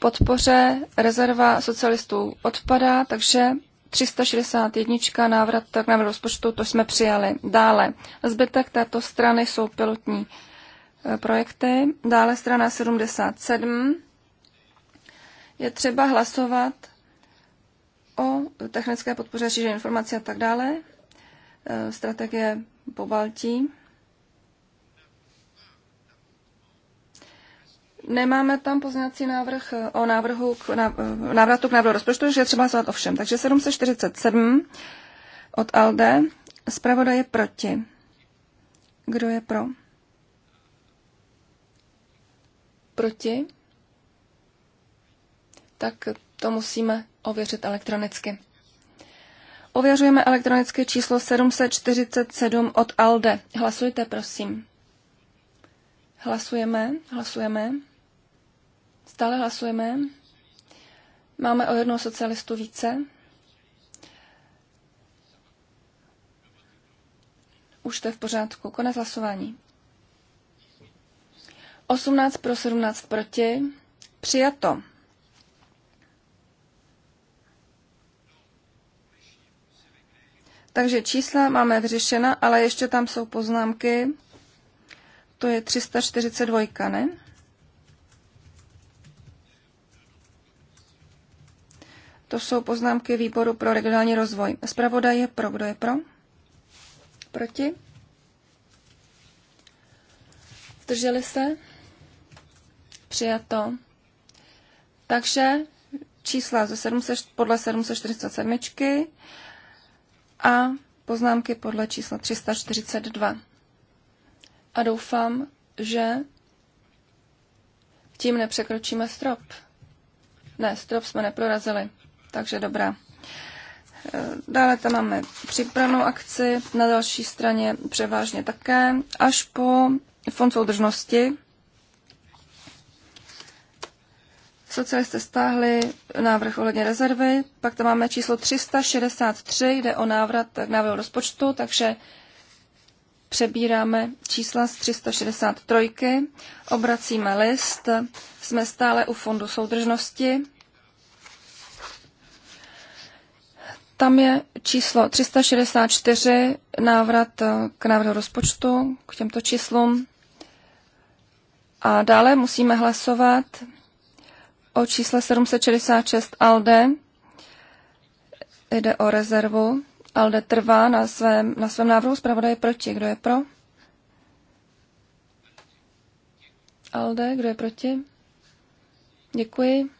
podpoře rezerva socialistů odpadá, takže 361 návrat k návrhu rozpočtu, to jsme přijali. Dále, zbytek této strany jsou pilotní e, projekty. Dále strana 77. Je třeba hlasovat o technické podpoře řízení informací a tak dále. E, strategie po Baltii. Nemáme tam pozměňovací návrh eh, o návrhu k, eh, návratu k návrhu rozpočtu, že je třeba hlasovat o všem. Takže 747 od Alde. Zpravodaj je proti. Kdo je pro? Proti? Tak to musíme ověřit elektronicky. Ověřujeme elektronické číslo 747 od Alde. Hlasujte, prosím. Hlasujeme, hlasujeme. Stále hlasujeme. Máme o jednoho socialistu více. Už to je v pořádku. Konec hlasování. 18 pro 17 proti. Přijato. Takže čísla máme vyřešena, ale ještě tam jsou poznámky. To je 342, ne? To jsou poznámky výboru pro regionální rozvoj. Zpravodaj je pro. Kdo je pro? Proti? Zdrželi se? Přijato. Takže čísla ze 700, podle 747 a poznámky podle čísla 342. A doufám, že tím nepřekročíme strop. Ne, strop jsme neprorazili. Takže dobrá. Dále tam máme připravenou akci, na další straně převážně také, až po fond soudržnosti. Socialisté stáhli návrh ohledně rezervy, pak tam máme číslo 363, jde o návrat k návrhu rozpočtu, takže přebíráme čísla z 363, obracíme list, jsme stále u fondu soudržnosti Tam je číslo 364, návrat eh, k návrhu rozpočtu, k těmto číslům. A dále musíme hlasovat o čísle 766 ALDE. Jde o rezervu. ALDE trvá na svém, na svém návrhu. Zpravodaj je proti. Kdo je pro? ALDE, kdo je proti? Děkuji.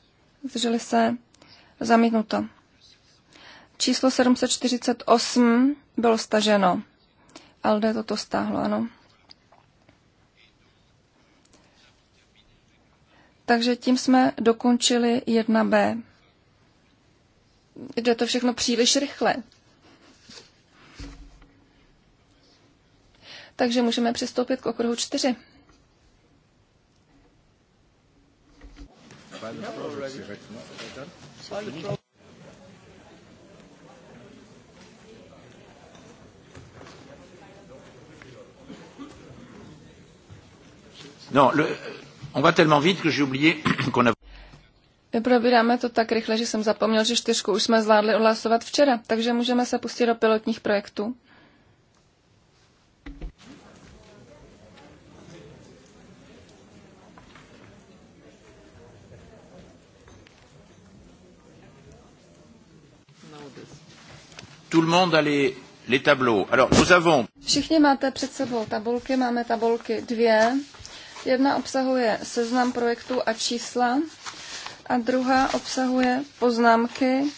Zdrželi se. Zamítnuto. Číslo 748 bylo staženo. Alde toto stáhlo, ano. Takže tím jsme dokončili 1b. Jde to všechno příliš rychle. Takže můžeme přistoupit k okruhu 4. Violent No, le, on va tellement vite, que j'ai oublié qu'on a... Probíráme to tak rychle, že jsem zapomněl, že čtyřku už jsme zvládli odhlasovat včera, takže můžeme se pustit do pilotních projektů. Tout le monde a les, les tableaux. Alors, nous avons... Všichni máte před sebou tabulky, máme tabulky dvě. Jedna obsahuje seznam projektů a čísla a druhá obsahuje poznámky,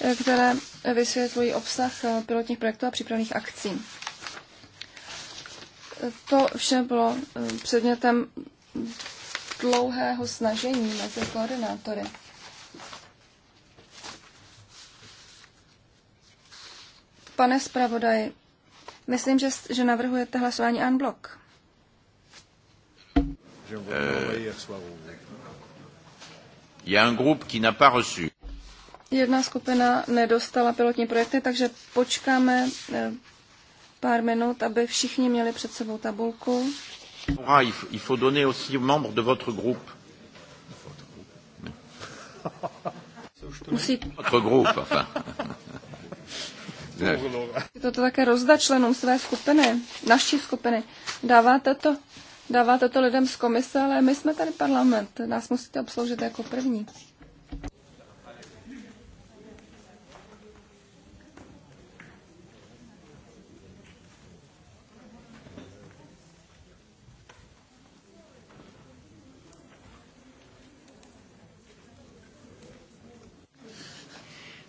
eh, které vysvětlují obsah eh, pilotních projektů a přípravných akcí. To vše bylo eh, předmětem dlouhého snažení mezi koordinátory. Pane zpravodaji, myslím, že, že navrhujete hlasování en bloc. Euh, il y a un groupe qui n'a pas reçu. Jedna skupina nedostala pilotní projekty, takže počkáme eh, pár minut, aby všichni měli před sebou tabulku. Ah, il faut donner aussi aux membres de votre groupe. Musí... Votre groupe, enfin. to také rozdat členům své skupiny, naší skupiny. Dáváte to dáváte to lidem z komise, ale my jsme tady parlament, nás musíte obsloužit jako první.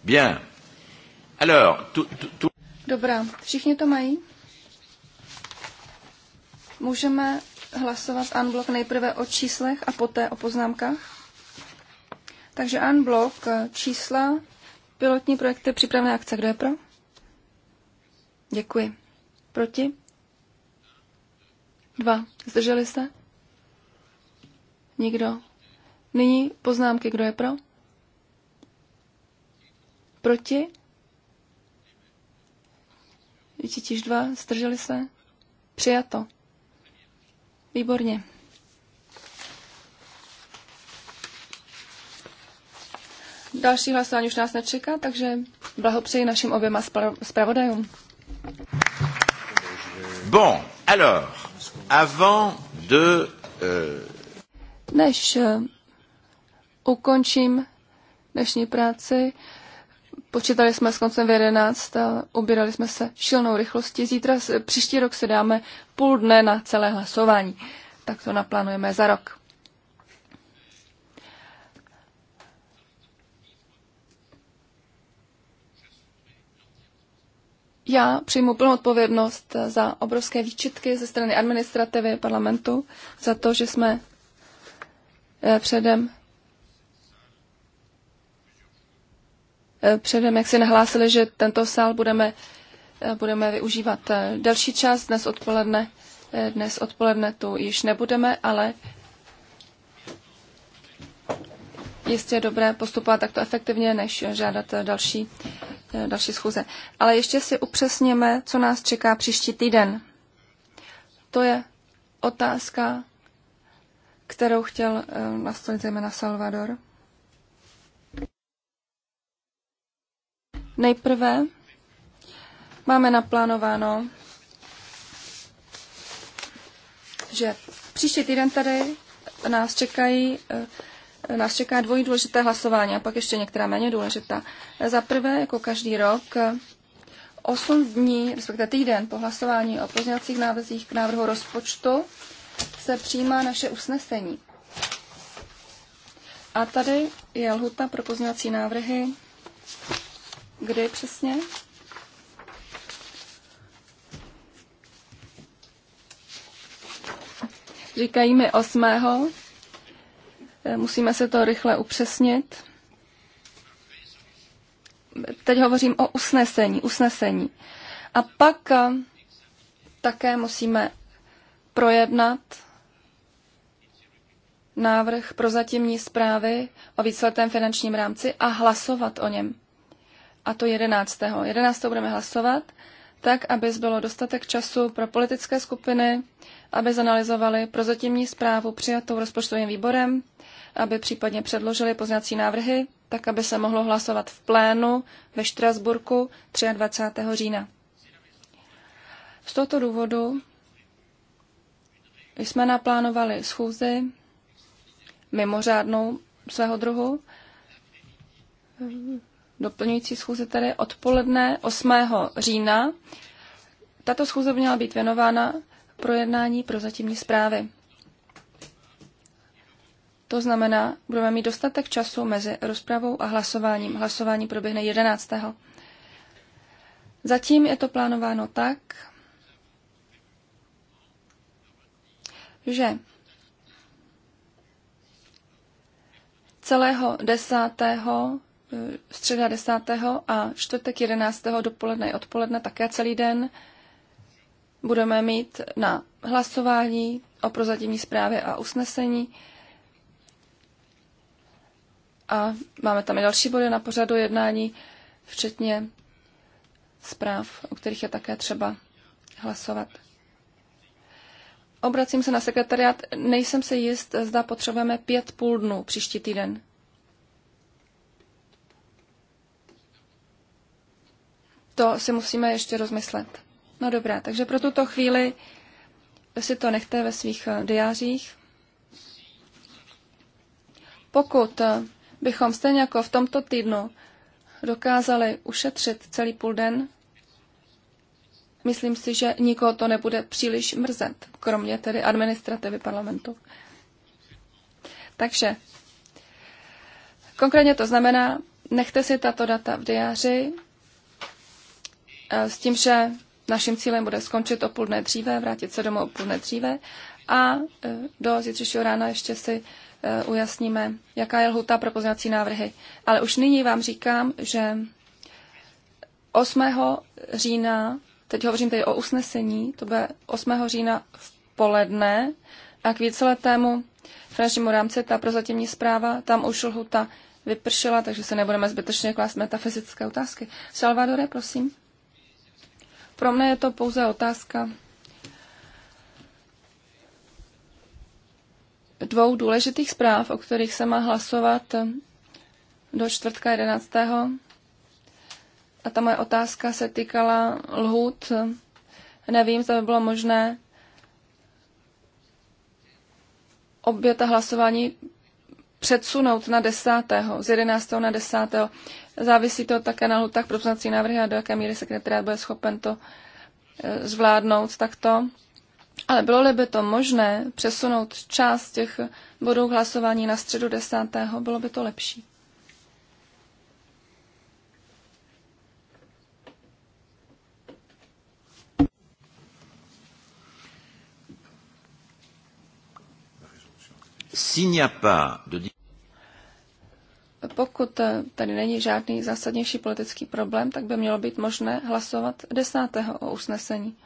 Bien. Alors, tu, tu, tu... Dobrá, všichni to mají? Můžeme hlasovat unblock nejprve o číslech a poté o poznámkách. Takže unblock eh, čísla, pilotní projekty, připravené akce. Kdo je pro? Děkuji. Proti? Dva. Zdrželi se? Nikdo. Nyní poznámky. Kdo je pro? Proti? Vytitíž dva. Zdrželi se? Přijato. Výborně. Další hlasování už nás nečeká, takže blahopřeji našim oběma zpravodajům. Bon, alors, avant de... Euh... Než uh, ukončím dnešní práci, Počítali jsme s koncem v 11, ubírali jsme se šilnou rychlostí. Zítra, příští rok se dáme půl dne na celé hlasování. Tak to naplánujeme za rok. Já přijmu plnou odpovědnost za obrovské výčitky ze strany administrativy parlamentu, za to, že jsme eh, předem Eh, předem jak si nahlásili, že tento sál budeme, eh, budeme využívat eh, další čas. Dnes odpoledne, dnes odpoledne tu již nebudeme, ale jistě je dobré postupovat takto efektivně, než žádat další, další schůze. Ale ještě si upřesněme, co nás čeká příští týden. To je otázka, kterou chtěl nastolit zejména Salvador. Nejprve máme naplánováno, že příští týden tady nás čekají eh, nás čeká dvojí důležité hlasování a pak ještě některá méně důležitá. Za prvé, jako každý rok, 8 dní, respektive týden po hlasování o pozměňovacích návrzích k návrhu rozpočtu se přijímá naše usnesení. A tady je lhuta pro pozměňovací návrhy Kdy přesně? Říkají mi 8. Eh, musíme se to rychle upřesnit. Teď hovořím o usnesení, usnesení. A pak eh, také musíme projednat návrh pro zatímní zprávy o výsledném finančním rámci a hlasovat o něm a to 11. 11. budeme hlasovat, tak, aby zbylo dostatek času pro politické skupiny, aby zanalizovali prozatímní zprávu přijatou rozpočtovým výborem, aby případně předložili poznací návrhy, tak, aby se mohlo hlasovat v plénu ve Štrasburku 23. října. Z tohoto důvodu jsme naplánovali schůzi mimořádnou svého druhu doplňující schůze tedy odpoledne 8. října. Tato schůze měla být věnována projednání zatímní zprávy. To znamená, budeme mít dostatek času mezi rozpravou a hlasováním. Hlasování proběhne 11. Zatím je to plánováno tak, že celého desátého středa 10. a čtvrtek 11. dopoledne i odpoledne, také celý den, budeme mít na hlasování o prozatímní zprávě a usnesení. A máme tam i další body na pořadu jednání, včetně zpráv, o kterých je také třeba hlasovat. Obracím se na sekretariat. Nejsem si jist, zda potřebujeme pět půl dnů příští týden. To si musíme ještě rozmyslet. No dobré, takže pro tuto chvíli si to nechte ve svých eh, diářích. Pokud eh, bychom stejně jako v tomto týdnu dokázali ušetřit celý půl den, myslím si, že nikoho to nebude příliš mrzet, kromě tedy administrativy parlamentu. Takže konkrétně to znamená, nechte si tato data v diáři, Eh, s tím, že naším cílem bude skončit o půl dne dříve, vrátit se domů o půl dne dříve a eh, do zítřejšího rána ještě si eh, ujasníme, jaká je lhuta pro pozměňovací návrhy. Ale už nyní vám říkám, že 8. října, teď hovořím tady o usnesení, to bude 8. října v poledne a k víceletému finančnímu rámci ta prozatímní zpráva, tam už lhuta vypršela, takže se nebudeme zbytečně klást metafyzické otázky. Salvadore, prosím. Pro mě je to pouze otázka dvou důležitých zpráv, o kterých se má hlasovat do čtvrtka 11. A ta moje otázka se týkala lhůt. Nevím, zda by bylo možné obě ta hlasování předsunout na 10. z 11. na 10. Závisí to také na lutách pro poznací návrhy a do jaké míry sekretariat bude schopen to eh, zvládnout takto. Ale bylo-li by to možné přesunout část těch bodů hlasování na středu 10. bylo by to lepší. S'il n'y a pas de pokud tady není žádný zásadnější politický problém, tak by mělo být možné hlasovat 10. o usnesení.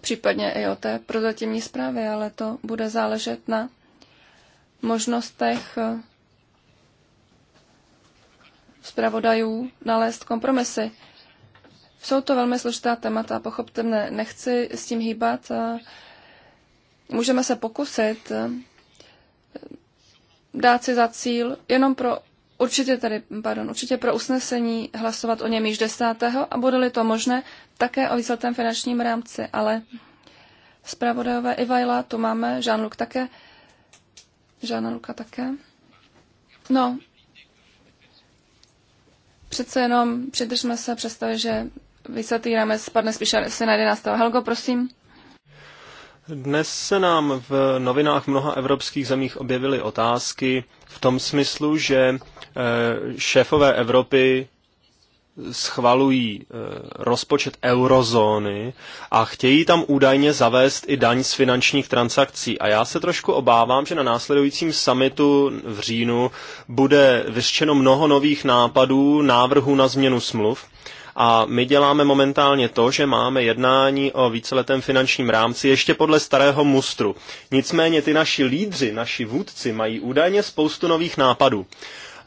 Případně i o té prozatímní zprávě, ale to bude záležet na možnostech zpravodajů nalézt kompromisy. Jsou to velmi složitá témata, pochopte mne, nechci s tím hýbat. A můžeme se pokusit eh, dát si za cíl jenom pro určitě tady, pardon, určitě pro usnesení hlasovat o něm již 10. a bude-li to možné, také o výsledném finančním rámci, ale zpravodajové Ivajla, tu máme, Jean-Luc také, Žána Luka také. No, přece jenom přidržme se představit, že výsledný rámec spadne spíše se na 11. Helgo, prosím. Dnes se nám v novinách mnoha evropských zemích objevily otázky v tom smyslu, že eh, šéfové Evropy schvalují eh, rozpočet eurozóny a chtějí tam údajně zavést i daň z finančních transakcí. A já se trošku obávám, že na následujícím summitu v říjnu bude vyřčeno mnoho nových nápadů, návrhů na změnu smluv a my děláme momentálně to, že máme jednání o víceletém finančním rámci ještě podle starého mustru. Nicméně ty naši lídři, naši vůdci mají údajně spoustu nových nápadů.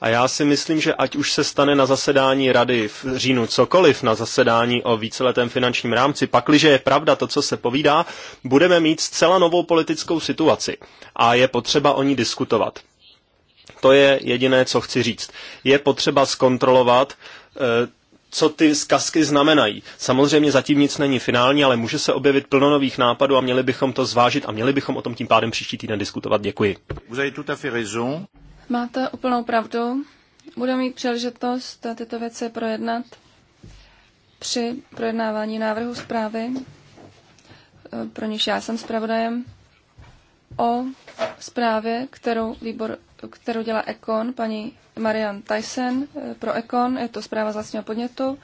A já si myslím, že ať už se stane na zasedání rady v říjnu cokoliv, na zasedání o víceletém finančním rámci, pakliže je pravda to, co se povídá, budeme mít zcela novou politickou situaci a je potřeba o ní diskutovat. To je jediné, co chci říct. Je potřeba zkontrolovat, eh, co ty zkazky znamenají. Samozřejmě zatím nic není finální, ale může se objevit plno nových nápadů a měli bychom to zvážit a měli bychom o tom tím pádem příští týden diskutovat. Děkuji. Máte úplnou pravdu. Budeme mít příležitost tyto věci projednat při projednávání návrhu zprávy, pro níž já jsem zpravodajem, o zprávě, kterou výbor kterou dělá Econ, paní Marian Tyson eh, pro Econ, je to zpráva z vlastního podnětu,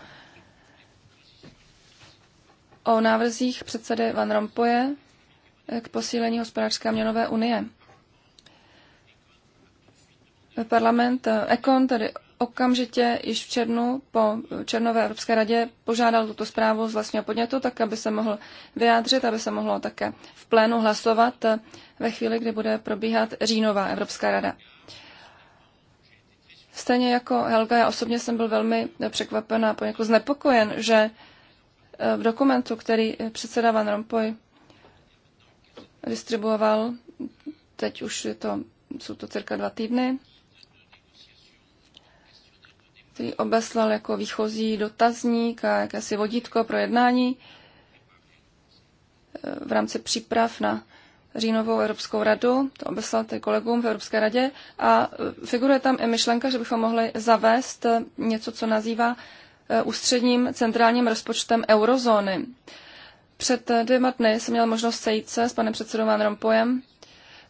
o návrzích předsedy Van Rompuye eh, k posílení hospodářské a měnové unie. Parlament eh, Econ tedy okamžitě již v černu po Černové Evropské radě požádal tuto zprávu z vlastního podnětu, tak aby se mohl vyjádřit, aby se mohlo také v plénu hlasovat ve chvíli, kdy bude probíhat říjnová Evropská rada. Stejně jako Helga, já osobně jsem byl velmi překvapen a poněkud znepokojen, že eh, v dokumentu, který eh, předseda Van Rompuy distribuoval, teď už je to, jsou to cirka dva týdny, který obeslal jako výchozí dotazník a jakési vodítko pro jednání eh, v rámci příprav na říjnovou Evropskou radu, to obeslal ty kolegům v Evropské radě, a e, figuruje tam i myšlenka, že bychom mohli zavést e, něco, co nazývá e, ústředním centrálním rozpočtem eurozóny. Před dvěma dny jsem měl možnost sejít se s panem předsedou Van Rompojem.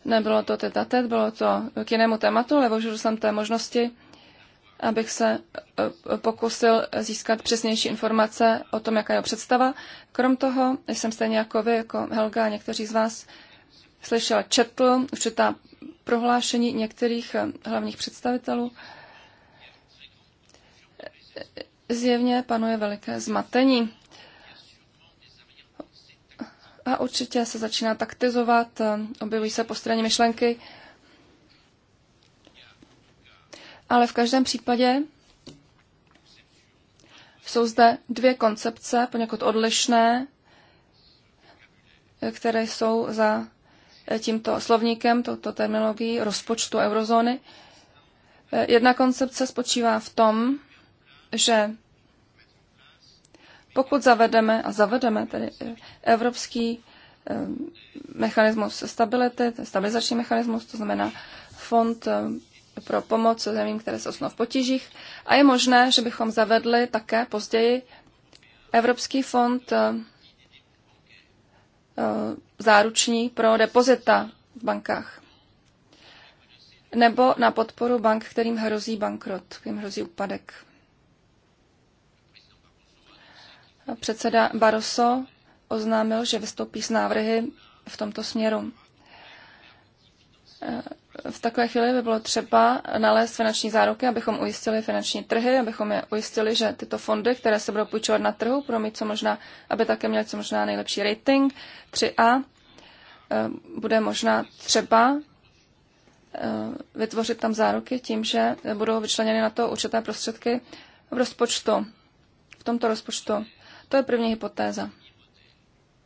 Nebylo to teta tet, bylo to k jinému tématu, ale využil jsem té možnosti, abych se pokusil získat přesnější informace o tom, jaká je představa. Krom toho jsem stejně jako vy, jako Helga a někteří z vás slyšel, četl určitá prohlášení některých eh, hlavních představitelů. Zjevně panuje veliké zmatení. A určitě se začíná taktizovat, eh, objevují se postranní myšlenky. Ale v každém případě jsou zde dvě koncepce, poněkud odlišné, které jsou za tímto slovníkem, touto terminologií rozpočtu eurozóny. Jedna koncepce spočívá v tom, že pokud zavedeme, a zavedeme tedy eh, evropský eh, mechanismus stability, stabilizační mechanismus, to znamená fond eh, pro pomoc zemím, které se osnou v potížích. A je možné, že bychom zavedli také později Evropský fond záruční pro depozita v bankách. Nebo na podporu bank, kterým hrozí bankrot, kterým hrozí úpadek. Předseda Barroso oznámil, že vystoupí s návrhy v tomto směru v takové chvíli by bylo třeba nalézt finanční záruky, abychom ujistili finanční trhy, abychom je ujistili, že tyto fondy, které se budou půjčovat na trhu, budou mít co možná, aby také měly co možná nejlepší rating 3A. Eh, bude možná třeba eh, vytvořit tam záruky tím, že budou vyčleněny na to určité prostředky v rozpočtu, v tomto rozpočtu. To je první hypotéza.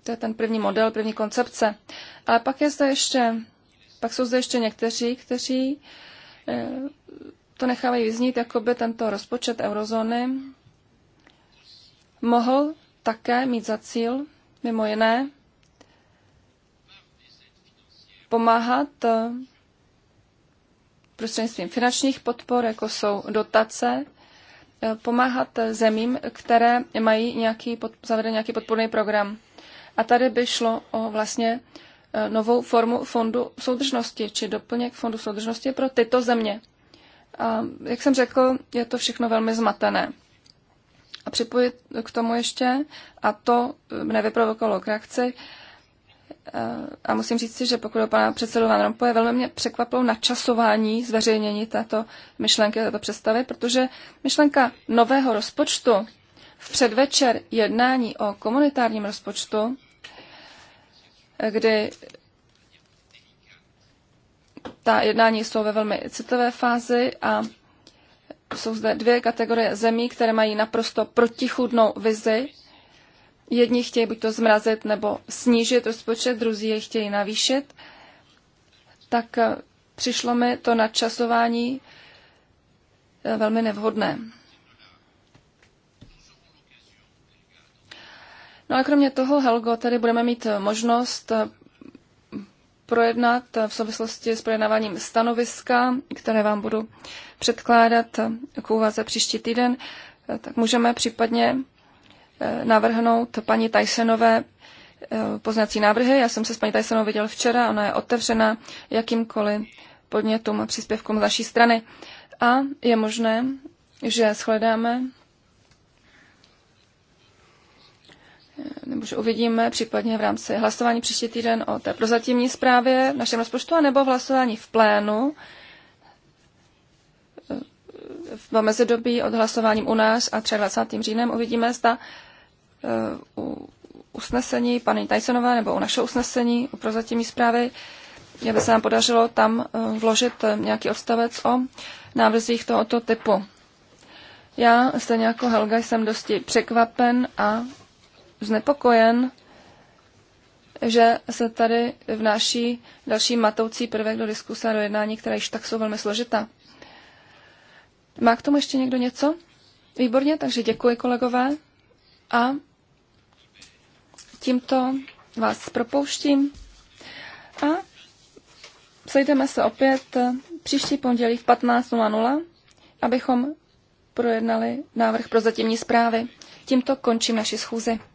To je ten první model, první koncepce. Ale pak je zde ještě pak jsou zde ještě někteří, kteří eh, to nechávají vyznít, jako by tento rozpočet eurozóny mohl také mít za cíl, mimo jiné, pomáhat eh, prostřednictvím finančních podpor, jako jsou dotace, eh, pomáhat zemím, které mají nějaký pod, nějaký podporný program. A tady by šlo o vlastně Eh, novou formu fondu soudržnosti či doplněk fondu soudržnosti pro tyto země. A jak jsem řekl, je to všechno velmi zmatené. A připojit k tomu ještě, a to nevyprovokovalo k reakci, eh, a musím říct si, že pokud o pana předsedu Van Rompuje, velmi mě překvapilo načasování zveřejnění této myšlenky, této představy, protože myšlenka nového rozpočtu v předvečer jednání o komunitárním rozpočtu kdy ta jednání jsou ve velmi citlivé fázi a jsou zde dvě kategorie zemí, které mají naprosto protichudnou vizi. Jedni chtějí buď to zmrazit nebo snížit rozpočet, druzí je chtějí navýšit. Tak eh, přišlo mi to nadčasování eh, velmi nevhodné. No a kromě toho, Helgo, tady budeme mít možnost eh, projednat eh, v souvislosti s projednáváním stanoviska, které vám budu předkládat eh, k úvaze příští týden, tak můžeme případně navrhnout paní Tysonové poznací návrhy. Já jsem se s paní Tysonovou viděl včera, ona je otevřena jakýmkoliv podnětům a příspěvkům z naší strany. A je možné, že shledáme nebo že uvidíme případně v rámci hlasování příští týden o té prozatímní zprávě v našem rozpočtu, nebo v hlasování v plénu v mezidobí od hlasováním u nás a 23. říjnem uvidíme, zda eh, u usnesení paní Tysonové nebo u našeho usnesení u prozatímní zprávy, by se nám podařilo tam eh, vložit eh, nějaký odstavec o návrzích tohoto typu. Já, stejně jako Helga, jsem dosti překvapen a znepokojen, že se tady vnáší další matoucí prvek do diskuse a do jednání, které již tak jsou velmi složitá. Má k tomu ještě někdo něco? Výborně, takže děkuji kolegové a tímto vás propouštím a sejdeme se opět příští pondělí v 15.00, abychom projednali návrh pro zatímní zprávy. Tímto končím naši schůzi.